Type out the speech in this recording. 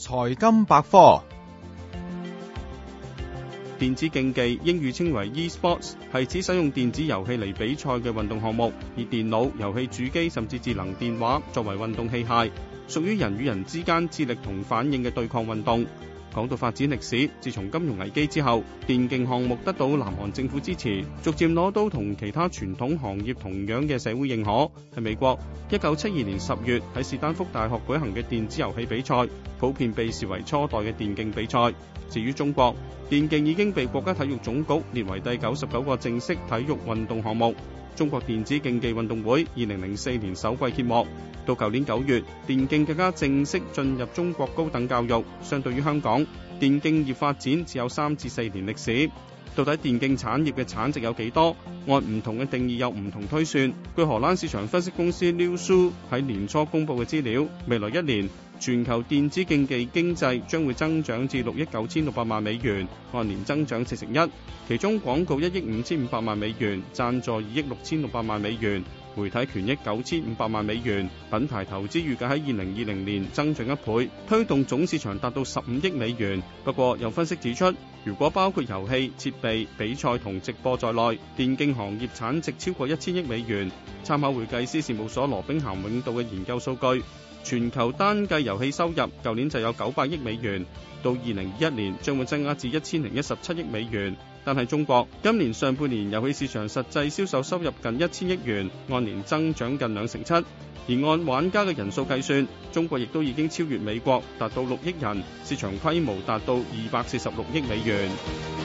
財金百科，電子競技英語稱為 e-sports，係指使用電子遊戲嚟比賽嘅運動項目，以電腦、遊戲主機甚至智能電話作為運動器械，屬於人與人之間智力同反應嘅對抗運動。講到發展歷史，自從金融危機之後，電競項目得到南韓政府支持，逐漸攞到同其他傳統行業同樣嘅社會認可。喺美國，一九七二年十月喺士丹福大學舉行嘅電子遊戲比賽，普遍被視為初代嘅電競比賽。至於中國，電競已經被國家體育總局列為第九十九個正式體育運動項目。中國電子競技運動會二零零四年首季揭幕，到舊年九月，電競更加正式進入中國高等教育。相對於香港，電競業發展只有三至四年歷史。到底電競產業嘅產值有幾多？按唔同嘅定義，有唔同推算。據荷蘭市場分析公司 Newzoo 喺年初公布嘅資料，未來一年全球電子競技經濟將會增長至六億九千六百萬美元，按年增長四成一。其中廣告一億五千五百萬美元，贊助二億六千六百萬美元。媒體權益九千五百萬美元，品牌投資預計喺二零二零年增長一倍，推動總市場達到十五億美元。不過，有分析指出，如果包括遊戲、設備、比賽同直播在內，電競行業產值超過一千億美元。參考會計師事務所羅兵咸永道嘅研究數據。全球單計遊戲收入，舊年就有九百億美元，到二零二一年將會增加至一千零一十七億美元。但係中國今年上半年遊戲市場實際銷售收入近一千億元，按年增長近兩成七。而按玩家嘅人數計算，中國亦都已經超越美國，達到六億人，市場規模達到二百四十六億美元。